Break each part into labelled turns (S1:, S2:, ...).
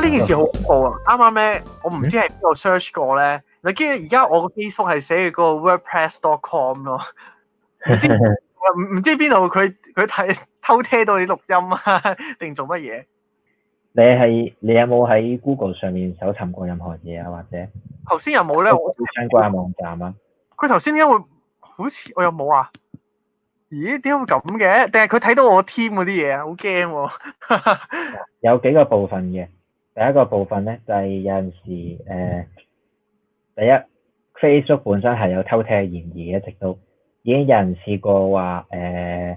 S1: 呢、啊、件事好恐怖啊！啱啱咩？我唔知係邊度 search 過咧，你跟住而家我個 Facebook 係寫住個 WordPress.com 咯，唔唔知邊度佢佢睇偷聽到你錄音啊，定做乜嘢？
S2: 你係你有冇喺 Google 上面搜尋過任何嘢啊？或者
S1: 頭先有冇咧？Google, 我、就
S2: 是、相關網站啊？
S1: 佢頭先點解會好似我有冇啊？咦？點解會咁嘅？定係佢睇到我 team 嗰啲嘢啊？好驚！
S2: 有幾個部分嘅。第一個部分咧，就係有陣時誒，第一 Facebook 本身係有偷聽嘅嫌疑嘅，一直到已經有人試過話誒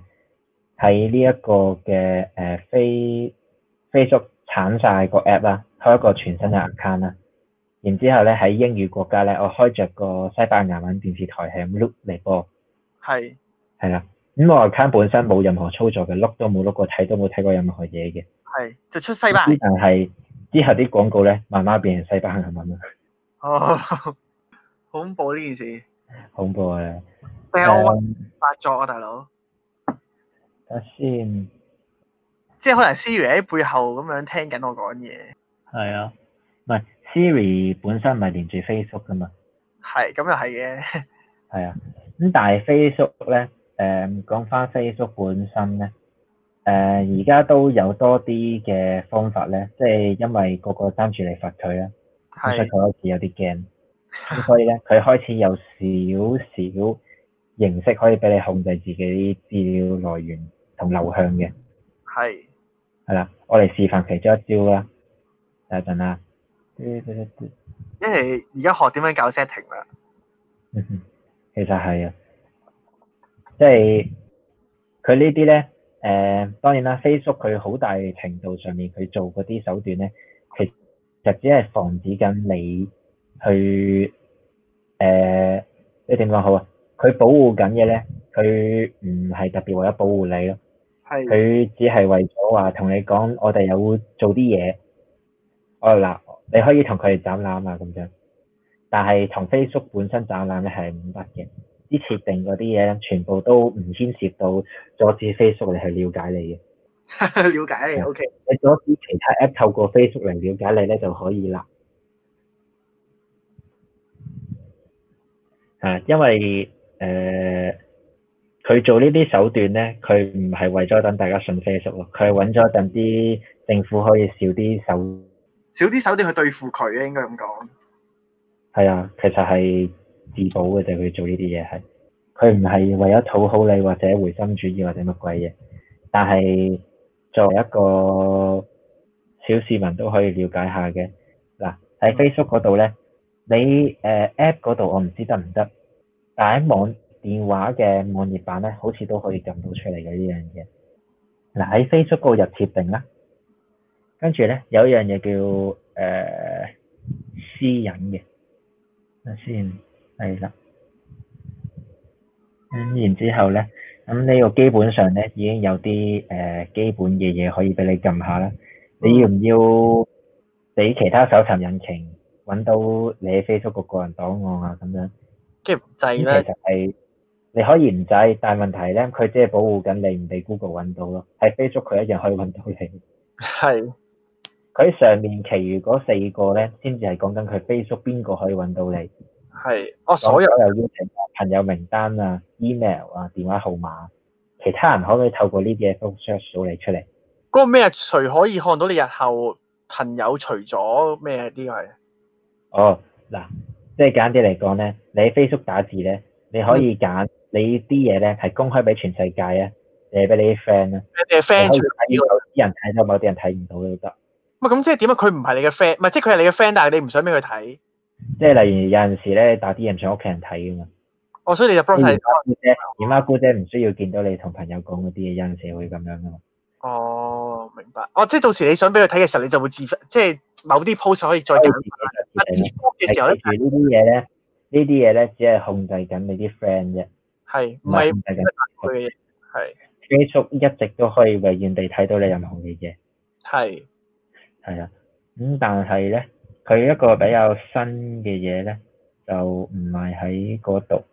S2: 喺呢一個嘅誒，Face Facebook 鏟晒個 app 啦，開一個全新嘅 account 啦，然之後咧喺英語國家咧，我開着個西班牙文電視台係咁碌嚟播，係係啦，咁我 account 本身冇任何操作嘅，碌都冇碌過，睇都冇睇過任何嘢嘅，係
S1: 就出西班牙，但係。
S2: 之後啲廣告咧，慢慢變成西班牙文啦。哦，
S1: 恐怖呢件事！
S2: 恐怖嘅，有冇、嗯嗯、
S1: 發作啊，大佬？
S2: 等先等。
S1: 即係可能 Siri 喺背後咁樣聽緊我講嘢。
S2: 係啊，唔係 Siri 本身唔係連住 Facebook 噶嘛？
S1: 係，咁又係嘅。
S2: 係 啊，咁但係 Facebook 咧，誒、嗯，講翻 Facebook 本身咧。誒，而家、呃、都有多啲嘅方法咧，即係因為個個攞住嚟罰佢啦，其實佢開始有啲驚，咁所以咧佢開始有少少形式可以俾你控制自己啲資料來源同流向嘅。
S1: 係是。
S2: 係啦，我哋示範其中一招啦。等一陣啊。
S1: 因為而家學點樣搞 setting 啦。嗯
S2: 哼，其實係啊，即係佢呢啲咧。誒當然啦，Facebook 佢好大程度上面佢做嗰啲手段咧，其實就只係防止緊你去誒，即點講好啊？佢保護緊嘅咧，佢唔係特別為咗保護你咯，佢係只係為咗話同你講，我哋有做啲嘢，哦嗱，你可以同佢哋斬纜啊咁樣，但係同 Facebook 本身斬纜呢係唔得嘅。啲設定嗰啲嘢，全部都唔牽涉到阻止 Facebook 嚟去了解你
S1: 嘅。 了解
S2: 你，OK。你阻止其他 App 透過 Facebook 嚟了解你咧就可以啦。啊，因為誒，佢、呃、做呢啲手段咧，佢唔係為咗等大家信 Facebook，佢係揾咗一陣啲政府可以少啲手，
S1: 少啲手段去對付佢啊，應該咁講。
S2: 係啊，其實係。自保嘅就去做呢啲嘢係，佢唔係為咗討好你或者回心轉意或者乜鬼嘢，但係作為一個小市民都可以了解下嘅。嗱喺、嗯、Facebook 嗰度咧，你誒、呃、App 嗰度我唔知得唔得，但喺網電話嘅網頁版咧，好似都可以撳到出嚟嘅、呃、呢樣嘢。嗱喺 Facebook 嗰度入設定啦，跟住咧有一樣嘢叫誒、呃、私隱嘅，等先。係啦，咁、嗯、然之後咧，咁、嗯、呢、這個基本上咧已經有啲誒、呃、基本嘅嘢可以俾你撳下啦。嗯、你要唔要俾其他搜尋引擎揾到你 Facebook 個個人檔案啊？咁樣，
S1: 即係唔制咩？其實
S2: 係你可以唔制，但係問題咧，佢即係保護緊你唔俾 Google 揾到咯。喺 Facebook 佢一樣可以揾到你。係是。佢上面其餘嗰四個咧，先至係講緊佢 Facebook 邊個可以揾到你。
S1: 係，我、哦、所有又
S2: 邀請啊，朋友名單啊，email 啊，電話號碼，其他人可唔可以透過呢啲嘢 Facebook 搜你出嚟？
S1: 嗰個咩？誰可以看到你日後朋友除了什麼？除咗咩？呢個係？
S2: 哦，嗱，即係簡啲嚟講咧，你喺 Facebook 打字咧，嗯、你可以揀你啲嘢咧係公開俾全世界啊，定俾你啲 friend 啊？即嘅 friend，係要有啲人睇到，某啲人睇唔到都
S1: 得。咁，即係點啊？佢唔係你嘅 friend，唔係即係佢係你嘅 friend，但係你唔想俾佢睇。
S2: 即係例如有陣時咧，打啲嘢唔想屋企人睇噶嘛，
S1: 哦，所以你就 brother
S2: 姨媽姑姐，唔需要見到你同朋友講嗰啲嘢，有陣時會咁樣咯。哦，
S1: 明白。哦，即係到時你想俾佢睇嘅時候，你就會自翻，即係某啲 post 可以再揀翻。而
S2: 呢啲嘢咧，呢啲嘢咧，只係控制緊你啲 friend 啫。
S1: 係唔係？係
S2: Facebook 一直都可以遠遠地睇到你任何嘢嘅。係係啊，咁、嗯、但係咧。佢一個比較新嘅嘢咧，就唔係喺嗰度。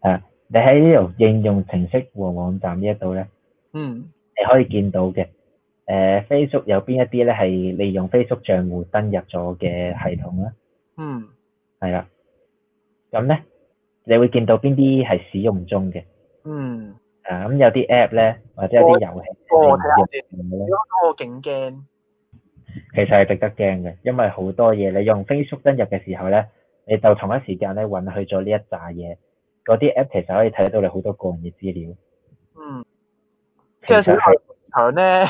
S2: 誒，你喺呢度應用程式和網站呢一度咧，嗯，你可以見到嘅。誒，Facebook 有邊一啲咧係利用 Facebook 賬戶登入咗嘅系統咧？嗯，係啦。咁咧，你會見到邊啲係使用中嘅？嗯。誒，咁有啲 App 咧，或者有啲遊戲。哦，睇下先。我
S1: 勁驚。
S2: 其實係值得驚嘅，因為好多嘢你用 Facebook 登入嘅時候咧，你就同一時間咧，混去咗呢一紮嘢，嗰啲 app 其實可以睇到你好多個人嘅資料。嗯，即係小農場咧，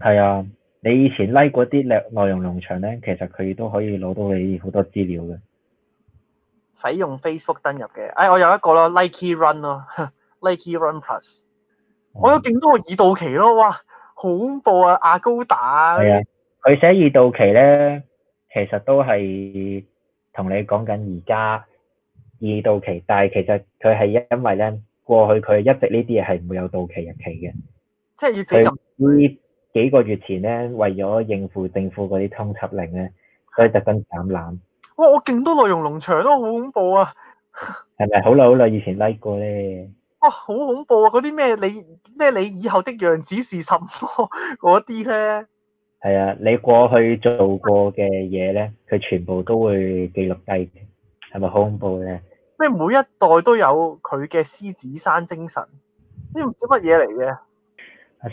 S2: 係 啊，你以前 like 嗰啲內內容農場咧，其實佢都可以攞到你好多資料嘅。
S1: 使用 Facebook 登入嘅。哎，我有一個啦 l i k e y Run 咯，Likey Run Plus，我有勁多嘅已到期咯，哇！好恐怖啊！阿高打啊！係啊，
S2: 佢寫二到期咧，其實都係同你講緊而家二到期，但係其實佢係因因為咧過去佢一直呢啲嘢係唔會有到期日期嘅，
S1: 即係
S2: 佢呢幾個月前咧，為咗應付政府嗰啲通緝令咧，所以特登斬纜。
S1: 哇！我勁多內容農場都，好恐怖啊！
S2: 係咪？好耐好耐，以前 like 過咧。
S1: 哇，好、哦、恐怖啊！嗰啲咩你咩你以後的樣子是什麼嗰啲咧？
S2: 係 呢啊，你過去做過嘅嘢咧，佢全部都會記錄低嘅，係咪好恐怖咧？
S1: 咩每一代都有佢嘅獅子山精神，呢唔知乜嘢嚟嘅。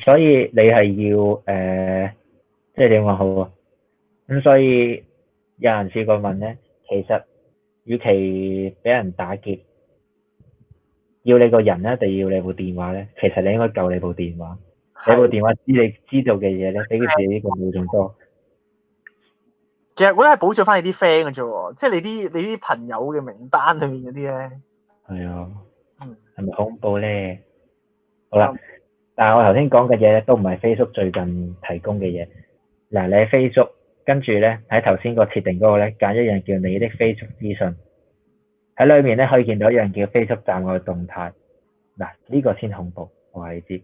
S2: 所以你係要誒，即係點話好啊？咁所以有人試過問咧，其實與其俾人打劫。要你個人咧，定要你部電話咧？其實你應該救你部電話。的你部電話知你知道嘅嘢咧，比佢自己呢部仲多。
S1: 其實我咧係保障翻你啲 friend 嘅啫喎，即係你啲你啲朋友嘅，就是，名單裏面嗰啲咧。係啊。是不是
S2: 好嗯。係咪恐怖咧？好啦，但係我頭先講嘅嘢咧，都唔係 Facebook 最近提供嘅嘢。嗱，你喺 Facebook 跟住咧，喺頭先個設定嗰個咧，揀一樣叫你的 Facebook 資訊。喺裏面咧，可以見到一樣叫 Facebook 站外動態，嗱呢個先恐怖我話你知。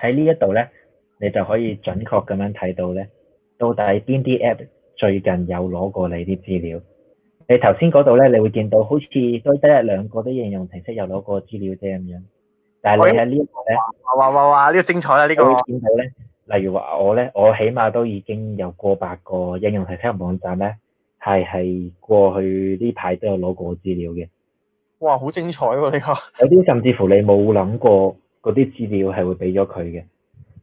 S2: 喺呢一度咧，你就可以準確咁樣睇到咧，到底邊啲 app 最近有攞過你啲資料。你頭先嗰度咧，你會見到好似都得一兩個啲應用程式有攞過資料啫咁樣。但係你喺呢一個咧，
S1: 哇哇哇哇！呢個精彩啦，你會見到呢個。可
S2: 以點睇咧？例如話我咧，我起碼都已經有過百個應用程式網站咧。係係過去呢排都有攞過資料嘅，
S1: 哇，好精彩喎！呢個
S2: 有啲甚至乎你冇諗過嗰啲資料係會俾咗佢嘅，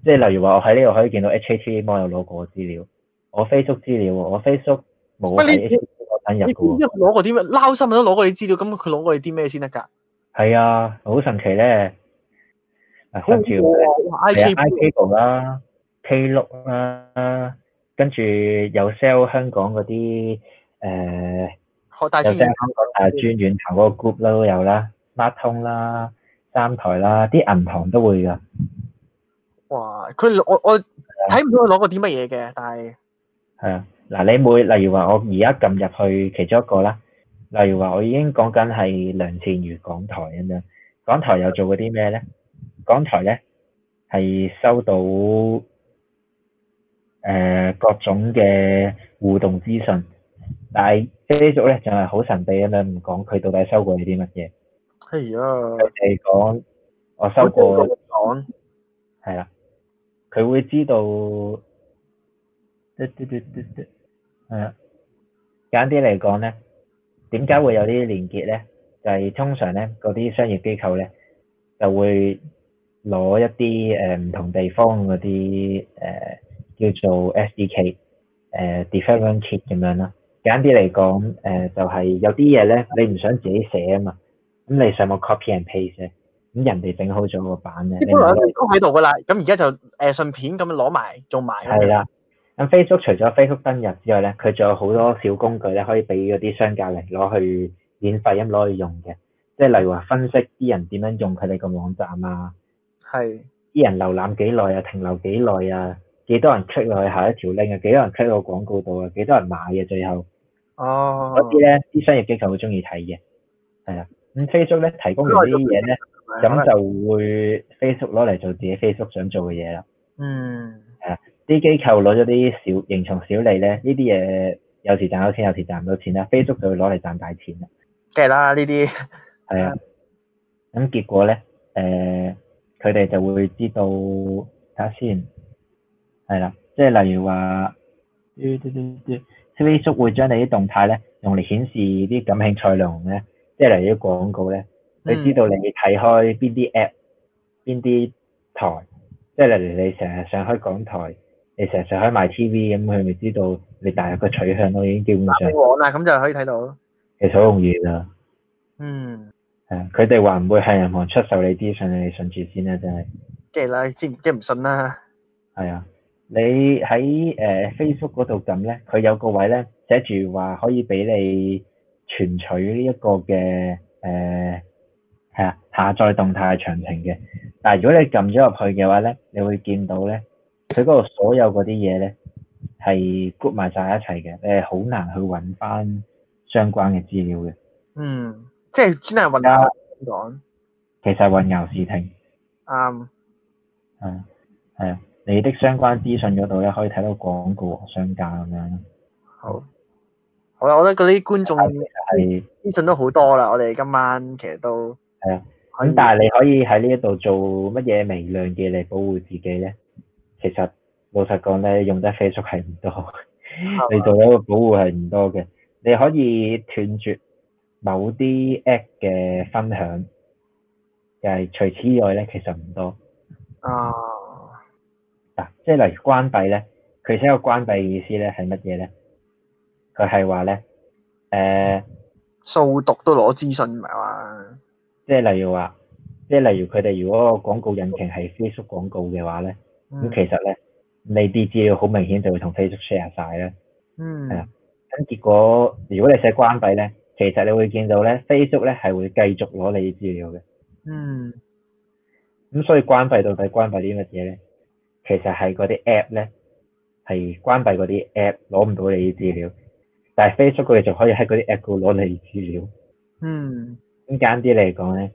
S2: 即係例如話我喺呢度可以見到 HAT 喂你啊，有攞過資料，我 Facebook 資料，我 Facebook 冇喺 HAT 嗰陣入，
S1: 攞過啲咩？撈心都攞過啲資料，咁佢攞過啲咩先得噶？
S2: 係啊，好神奇咧，好喎，I K I K 啦，K 六啦。跟住有 sell 香港嗰啲誒，呃、大有 sell 香港轉遠投嗰個 group 都有啦，孖通啦，三台啦，啲銀行都會㗎。哇！
S1: 佢我我睇唔到佢攞過啲乜嘢嘅，但係係啊，
S2: 嗱，你每例如話我而家撳入去其中一個啦，例如話我已經講緊係梁善如港台咁樣，港台又做過啲咩咧？港台咧係收到。誒、呃、各種嘅互動資訊，但係 Facebook 咧就係好神秘咁樣，唔講佢到底收過你啲乜嘢。
S1: 譬如，嚟
S2: 講，我收過。講係啦佢會知道一啲啲啲啲，係啊，簡單啲嚟講咧，點解會有啲連結咧？就係、是、通常咧，嗰啲商業機構咧就會攞一啲誒唔同地方嗰啲誒。呃叫做 SDK，誒、呃、development kit 咁樣啦。簡單啲嚟講，誒、呃、就係、是、有啲嘢咧，你唔想自己寫啊嘛，咁你上個 copy and paste，咁人哋整好咗個版咧。基本
S1: 上都喺度噶啦，咁而家就誒順便咁攞埋
S2: 做埋。係啦，咁 Facebook 除咗 Facebook 登入之外咧，佢仲有好多小工具咧，可以俾嗰啲商家嚟攞去免費咁攞去用嘅，即係例如話分析啲人點樣用佢哋個網站啊，係啲是人瀏覽幾耐啊，停留幾耐啊。幾多人 click 落去下一條 link 啊？幾多人 click 個廣告度啊？幾多人買嘅？最後，
S1: 哦、oh.，
S2: 嗰啲咧啲商業機構會中意睇嘅，係啊。咁 Facebook 咧提供完呢啲嘢咧，咁就會 Facebook 攞嚟做自己 Facebook 想做嘅嘢啦。嗯。係啊，啲機構攞咗啲小蠅小利咧，呢啲嘢有時賺到錢，有時賺唔到錢啦。Facebook 就會攞嚟賺大錢啦。梗
S1: 係啦，呢啲。
S2: 係啊。咁結果咧，誒、呃，佢哋就會知道，睇下先。係啦，即係例如話，Facebook、嗯、會將你啲動態咧，用嚟顯示啲感興趣內容咧，即係例如啲廣告咧，佢知道你會睇開邊啲 app，邊啲台，即係例如你成日上開港台，你成日上開 myTV 咁，佢咪知道你大約個取向都已經基本上。白網啦，咁就可
S1: 以睇到咯。
S2: 其實好容易咋。嗯。係啊，佢哋話唔會向銀行出售你啲信你信住先啦、啊，真係。即係啦，知唔知唔信啦。係啊。你喺誒、呃、Facebook 嗰度撳咧，佢有個位咧，寫住話可以俾你存取呢一個嘅誒係啊下載動態詳情嘅。但係如果你撳咗入去嘅話咧，你會見到咧，佢嗰度所有嗰啲嘢咧係 group 埋晒一齊嘅，你係好難去揾翻相關嘅資料嘅。嗯，
S1: 即係專登混淆。啊、
S2: 其實係混淆視聽。
S1: 啱、um, 嗯。
S2: 係。係啊。你的相關資訊嗰度咧，可以睇到廣告商家咁樣。好，
S1: 好啦，我覺得嗰啲觀眾係資訊都好多啦。我哋今晚其實都
S2: 係啊。咁但係你可以喺呢一度做乜嘢微量嘅嚟保護自己咧？其實老實講咧，用得 Facebook 係唔多，吧 你做一個保護係唔多嘅。你可以斷絕某啲 App 嘅分享，又係除此以外咧，其實唔多。啊。嗱，即係例如關閉咧，佢寫個關閉嘅意思咧，係乜嘢咧？佢係話咧，誒，掃讀都攞資訊，唔係嘛？即係例如話，即係例如佢哋如果個廣告引擎係 Facebook 廣告嘅話咧，咁、嗯、其實咧，你啲資料好明顯就會同 Facebook share 晒啦。嗯，嗯。係啊，咁結果如果你寫關閉咧，其實你會見到咧，Facebook 咧係會繼續攞你啲資料嘅。嗯。咁所以關閉到底關閉啲乜嘢咧？其實係嗰啲 app 咧，係關閉嗰啲 app 攞唔到你啲資料，但係 Facebook 佢哋仲可以喺嗰啲 app 度攞你資料。嗯。簡單啲嚟講咧，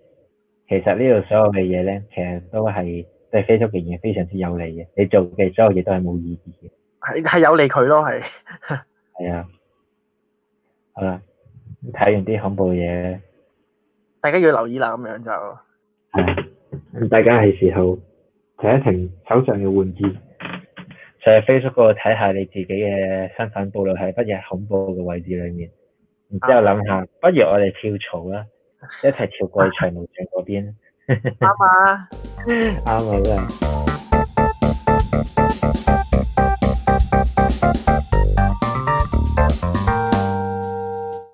S2: 其實呢度所有嘅嘢咧，其實都係對 Facebook 嘅嘢非常之有利嘅。你做嘅所有嘢都係冇意義
S1: 嘅。係係有利佢咯，係。
S2: 係啊。好啦，睇完啲恐怖嘢，
S1: 大家要留意啦。咁樣就係啊，
S2: 大家係時候，停一停，手上嘅玩意，上去 Facebook 嗰度睇下你自己嘅身份暴露喺乜嘢恐怖嘅位置裏面。然之後諗下，啊、不如我哋跳槽啦，一齊跳過去徐無相嗰邊。啱啱啊！真